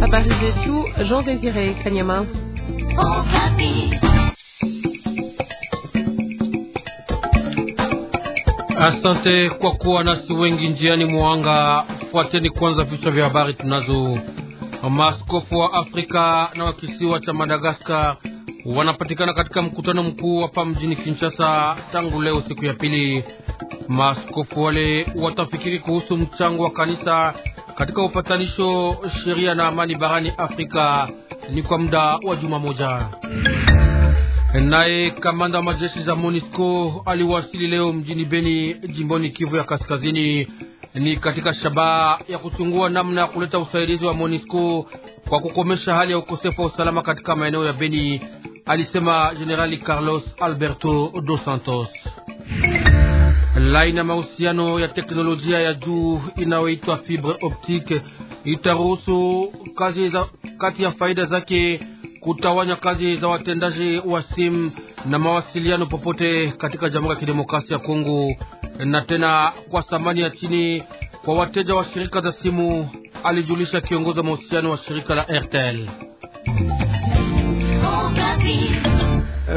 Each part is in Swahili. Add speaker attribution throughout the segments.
Speaker 1: Habari zetu Jean Désiré Kanyama.
Speaker 2: Asante kwa kuwa nasi wengi njiani mwanga. Fuateni kwanza vichwa vya habari tunazo. Maskofu wa Afrika na wa kisiwa cha Madagaskar wanapatikana katika mkutano mkuu hapa mjini Kinshasa tangu leo siku ya pili. Maaskofu wale watafikiri kuhusu mchango wa kanisa katika upatanisho, sheria na amani barani Afrika ni kwa muda wa juma moja. Naye kamanda wa majeshi za MONUSCO aliwasili leo mjini Beni, jimboni Kivu ya Kaskazini, ni katika shabaha ya kuchungua namna ya kuleta usaidizi wa MONUSCO kwa kukomesha hali ya ukosefu wa usalama katika maeneo ya Beni alisema Jenerali Carlos Alberto dos Santos. laina mahusiano ya teknolojia ya juu inayoitwa fibre optique itaruhusu kazi za kati ya faida zake kutawanya kazi za watendaji wa simu na mawasiliano popote katika Jamhuri ya Kidemokrasia ya Kongo, na tena kwa thamani ya chini kwa wateja wa shirika za simu, alijulisha kiongozi wa mahusiano wa shirika la RTL.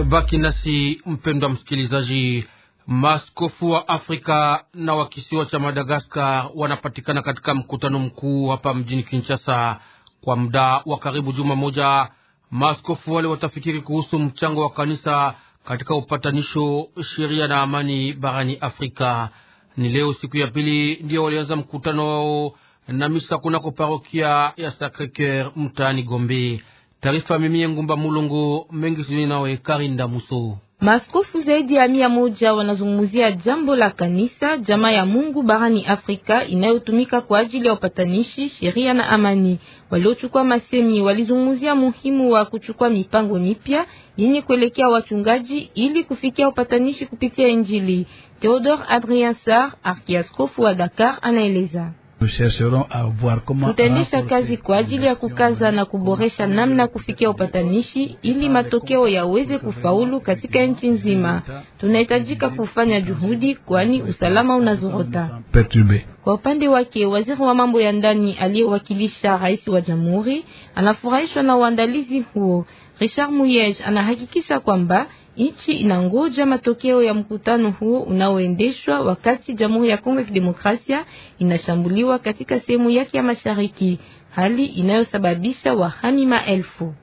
Speaker 2: Baki nasi mpendwa msikilizaji. maskofu wa Afrika na wa kisiwa cha Madagaskar wanapatikana katika mkutano mkuu hapa mjini Kinshasa kwa muda wa karibu juma moja. maskofu wale watafikiri kuhusu mchango wa kanisa katika upatanisho, sheria na amani barani Afrika. Ni leo siku ya pili ndio walianza mkutano wao na misa kunako parokia ya Sacre Coeur mtaani Gombe. Taarifa mimi Ngumba Mulongo mengi sijui nawe Karinda Muso.
Speaker 1: Maskofu zaidi ya mia moja wanazungumzia jambo la kanisa jamaa ya Mungu barani Afrika inayotumika kwa ajili ya upatanishi, sheria na amani. Waliochukua masemi walizungumzia muhimu wa kuchukua mipango mipya yenye kuelekea wachungaji ili kufikia upatanishi kupitia Injili. Theodore Adrien Sar, arkiaskofu wa Dakar, anaeleza.
Speaker 2: Tutaendesha kazi
Speaker 1: kwa ajili ya kukaza na kuboresha namna kufikia upatanishi ili matokeo yaweze kufaulu katika nchi nzima. Tunahitajika kufanya juhudi, kwani usalama unazorota. Kwa upande wake, waziri wa mambo ya ndani aliyewakilisha rais wa jamhuri anafurahishwa na uandalizi huo. Richard Muyej anahakikisha kwamba nchi inangoja matokeo ya mkutano huo unaoendeshwa wakati Jamhuri ya Kongo ya Kidemokrasia inashambuliwa katika sehemu yake ya mashariki, hali inayosababisha wahami maelfu.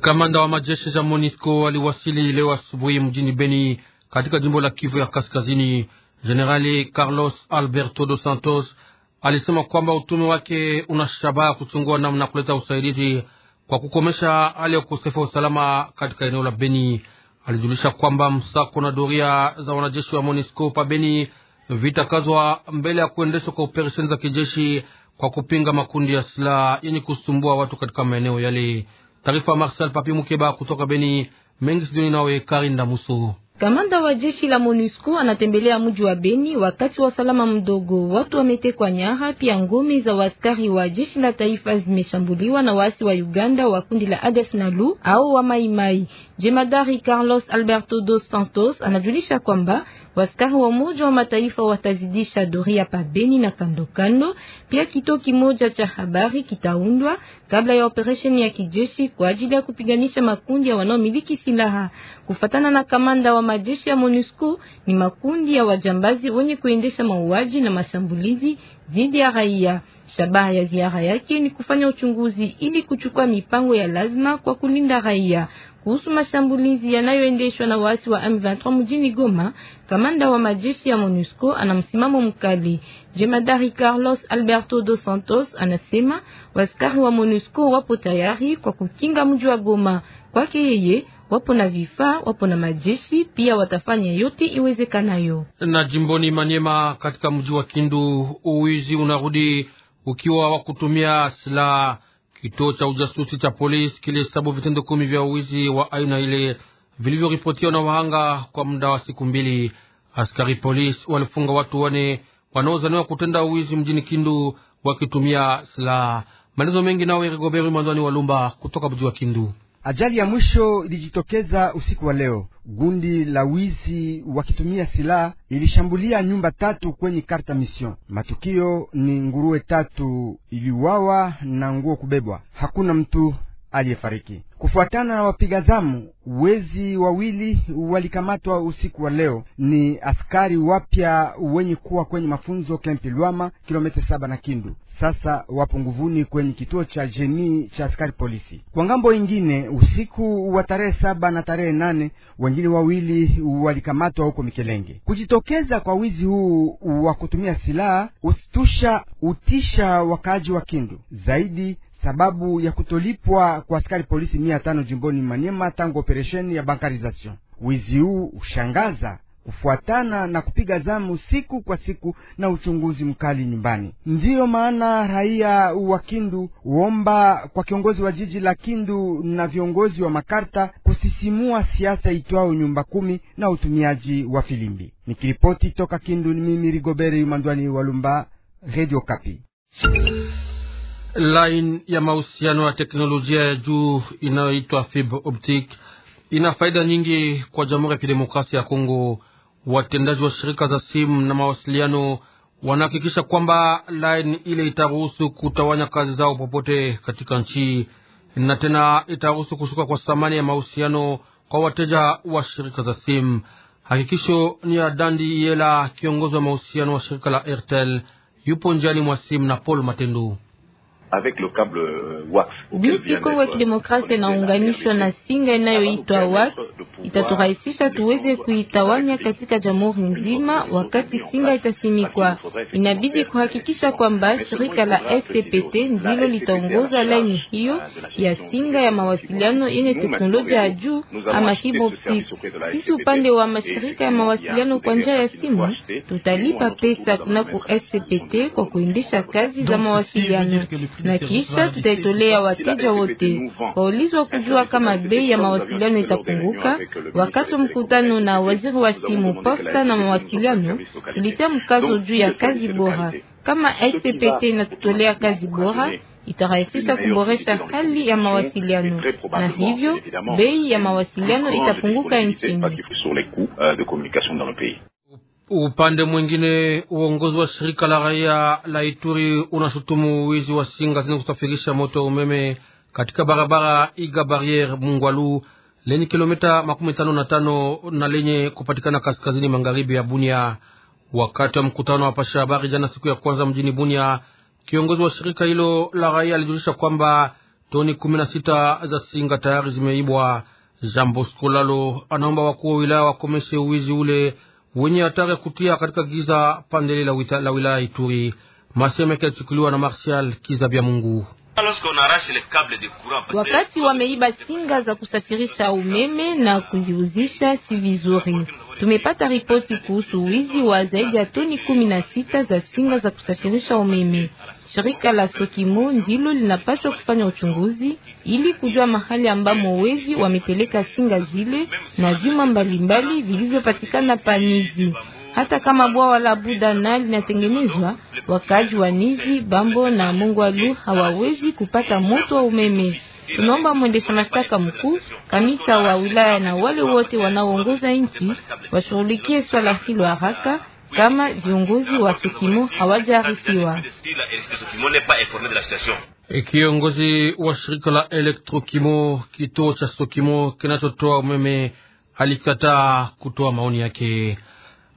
Speaker 2: Kamanda wa majeshi za MONUSCO aliwasili leo asubuhi mjini Beni katika jimbo la Kivu ya Kaskazini. Jenerali Carlos Alberto dos Santos alisema kwamba utume wake una shabaha kuchungua namna kuleta usaidizi kwa kukomesha hali ya ukosefu wa usalama katika eneo la Beni. Alijulisha kwamba msako na doria za wanajeshi wa MONUSCO pa Beni vitakazwa mbele ya kuendeshwa kwa operesheni za kijeshi kwa kupinga makundi ya silaha yenye kusumbua watu katika maeneo yale. Taarifa Marcel Papi Mukeba kutoka Beni. Mengi sijoni nawe Karinda Muso.
Speaker 1: Kamanda wa jeshi la MONUSCO anatembelea mji wa Beni wakati wa salama mdogo. Watu wametekwa nyara, pia ngome za waskari wa jeshi la taifa zimeshambuliwa na waasi wa Uganda wa kundi la ADF NALU au wa Maimai. Jemadari Carlos Alberto dos Santos anajulisha kwamba waskari wa Umoja wa Mataifa watazidisha doria pa Beni na kando kando. Pia kituo kimoja cha habari kitaundwa kabla ya operesheni ya kijeshi kwa ajili ya kupiganisha makundi ya wanaomiliki silaha. Kufatana na kamanda wa majeshi ya MONUSCO ni makundi ya wajambazi wenye kuendesha mauaji na mashambulizi dhidi ya raia. Shabaha ya ziara yake ni kufanya uchunguzi ili kuchukua mipango ya lazima kwa kulinda raia. Kuhusu mashambulizi yanayoendeshwa na waasi wa M23 mjini Goma, kamanda wa majeshi ya MONUSCO ana msimamo mkali. Jemadari Carlos Alberto dos Santos anasema waskari wa MONUSCO wapo tayari kwa kukinga mji wa Goma. Kwake yeye wapo na vifaa, wapo na majeshi pia, watafanya yote iwezekanayo.
Speaker 2: Na jimboni Manyema, katika mji wa Kindu, uwizi unarudi ukiwa wa kutumia silaha. Kituo cha ujasusi cha polisi kilihesabu vitendo kumi vya uwizi wa aina ile vilivyoripotiwa na wahanga kwa muda wa siku mbili. Askari polisi walifunga watu wane wanaozaniwa kutenda uwizi mjini Kindu wakitumia silaha. Maelezo mengi nawe Rigoberi mwanzani wa Lumba kutoka mji wa Kindu.
Speaker 3: Ajali ya mwisho ilijitokeza usiku wa leo. Gundi la wizi wakitumia silaha ilishambulia nyumba tatu kwenye karta Mission. Matukio ni nguruwe tatu iliuawa na nguo kubebwa. Hakuna mtu aliyefariki. Kufuatana na wapiga zamu, wezi wawili walikamatwa usiku wa leo. Ni askari wapya wenye kuwa kwenye mafunzo kempi Lwama, kilomita saba na Kindu sasa wapunguvuni kwenye kituo cha Jeni cha askari polisi. Kwa ngambo ingine, usiku wa tarehe saba na tarehe nane wengine wawili walikamatwa huko Mikelenge. Kujitokeza kwa wizi huu wa kutumia silaha usitusha utisha wakaaji wa Kindu zaidi sababu ya kutolipwa kwa askari polisi mia tano jimboni Manyema tangu operesheni ya bankarizasion. Wizi huu ushangaza kufuatana na kupiga zamu siku kwa siku na uchunguzi mkali nyumbani. Ndiyo maana raia wa Kindu huomba kwa kiongozi wa jiji la Kindu na viongozi wa makarta kusisimua siasa itwao nyumba kumi na utumiaji wa filimbi. Nikiripoti toka Kindu ni mimi yumandwani wa lumba Radio Kapi.
Speaker 2: Laini ya mahusiano ya teknolojia ya juu inayoitwa fibre optique ina faida nyingi kwa Jamhuri ya Kidemokrasia ya Kongo watendaji wa shirika za simu na mawasiliano wanahakikisha kwamba laini ile itaruhusu kutawanya kazi zao popote katika nchi na tena itaruhusu kushuka kwa thamani ya mahusiano kwa wateja wa shirika za simu. Hakikisho ni ya Dandi Yela, kiongozi wa mahusiano wa shirika la Airtel, yupo njiani mwa simu na Paul Matendu
Speaker 1: avec le cable euh, wax. Jinsi Kongo ya Kidemokrasia inaunganishwa na singa inayoitwa wax, itaturahisisha tuweze kuitawanya katika jamhuri nzima. Wakati singa itasimikwa, inabidi kuhakikisha kwamba shirika la SCPT ndilo litaongoza laini hiyo ya singa ya mawasiliano yenye teknolojia ya juu ama fibre. Sisi upande wa mashirika ya mawasiliano kwa njia ya simu tutalipa pesa kunako SCPT kwa kuendesha kazi za mawasiliano na kisha tutaitolea wateja wote. Waulizwa kujua kama bei ya mawasiliano itapunguka. Wakati wa mkutano na waziri wa simu, posta na mawasiliano, tulitia mkazo juu ya kazi bora. Kama ICPT inatutolea kazi bora itarahisisha kuboresha hali ya mawasiliano na hivyo bei ya mawasiliano itapunguka nchini.
Speaker 2: Upande mwingine uongozi wa shirika la raia la Ituri unashutumu wizi wa singa zenye kusafirisha moto wa umeme katika barabara Iga Barriere Mungwalu lenye kilomita makumi tano na tano na lenye kupatikana kaskazini magharibi ya Bunia. Wakati wa mkutano wa pasha habari jana siku ya kwanza mjini Bunia, kiongozi wa shirika hilo la raia alijulisha kwamba toni kumi na sita za singa tayari zimeibwa. Jambo Skolalo anaomba wakuu wa wilaya wakomeshe uwizi ule wenye hatari ya kutia katika giza pande la, la wilaya Ituri. Masemeke alichukuliwa na Martial Kizabia Mungu.
Speaker 1: Wakati wameiba singa za kusafirisha umeme na kuziuzisha si vizuri tumepata ripoti kuhusu wizi wa zaidi ya toni kumi na sita za singa za kusafirisha umeme. Shirika la Sokimo ndilo linapaswa kufanya uchunguzi ili kujua mahali ambamo wezi wamepeleka singa zile na vyuma mbalimbali vilivyopatikana panizi Hata kama bwawa la na linatengenezwa, wakaji wa Nizi, Bambo na Mongwalu hawawezi kupata moto wa umeme. Tunaomba mwendesha mashtaka mkuu, kamisa wa wilaya na wale wote wanaoongoza nchi washughulikie swala hilo haraka kama viongozi wa Sukimo hawajaarifiwa.
Speaker 2: Kiongozi wa shirika la Elektrokimo, kituo cha Sukimo kinachotoa umeme, alikataa kutoa maoni yake.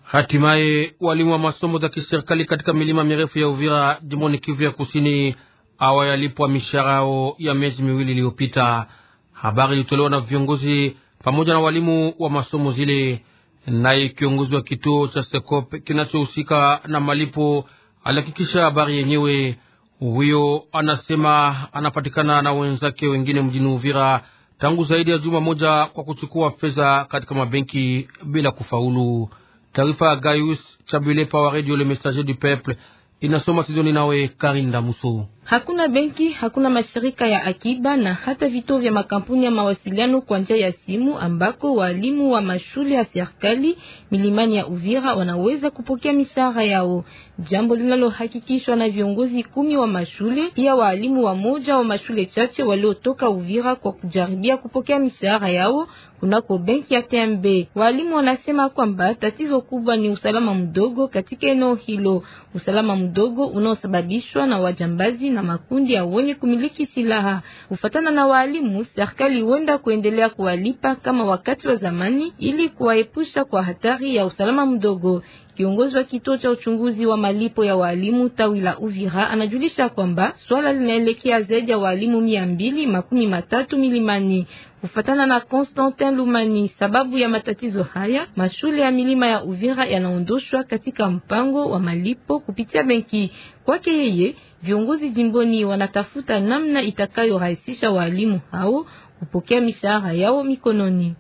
Speaker 2: Hatimaye walimu wa masomo za kiserikali katika milima mirefu ya Uvira, jimboni Kivu ya Kusini hawayalipwa mishahara yao ya miezi miwili iliyopita. Habari ilitolewa na viongozi pamoja na walimu wa masomo zile. Naye kiongozi wa kituo cha Sekop kinachohusika na malipo alihakikisha habari yenyewe. Huyo anasema anapatikana na wenzake wengine mjini Uvira tangu zaidi ya juma moja kwa kuchukua fedha katika mabenki bila kufaulu. Taarifa ya Gaius Chabilepa wa Radio Le Messager du Peuple inasoma Sidoni nawe Karinda Muso.
Speaker 1: Hakuna benki, hakuna mashirika ya akiba na hata vituo vya makampuni ya mawasiliano kwa njia ya simu ambako walimu wa mashule ya serikali milimani ya Uvira wanaweza kupokea mishahara yao, jambo linalohakikishwa na viongozi kumi wa mashule, pia waalimu wa moja wa mashule chache waliotoka Uvira kwa kujaribia kupokea misaara yao kunako benki ya TMB. Waalimu wanasema kwamba tatizo kubwa ni usalama mdogo katika eneo hilo, usalama mdogo unaosababishwa na wajambazi na makundi ya wenye kumiliki silaha. Kufatana na waalimu, serikali huenda kuendelea kuwalipa kama wakati wa zamani ili kuwaepusha kwa hatari ya usalama mdogo. Kiongozi wa kituo cha uchunguzi wa malipo ya walimu tawi la Uvira anajulisha kwamba swala linaelekea zaidi ya walimu mia mbili makumi matatu milimani. Kufatana na Constantin Lumani, sababu ya matatizo haya, mashule ya milima ya Uvira yanaondoshwa katika mpango wa malipo kupitia benki. Kwake yeye, viongozi jimboni wanatafuta namna itakayorahisisha walimu hao kupokea mishahara yao mikononi.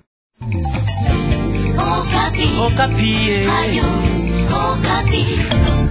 Speaker 2: Okapi.
Speaker 3: Okapi. Eh. Oh,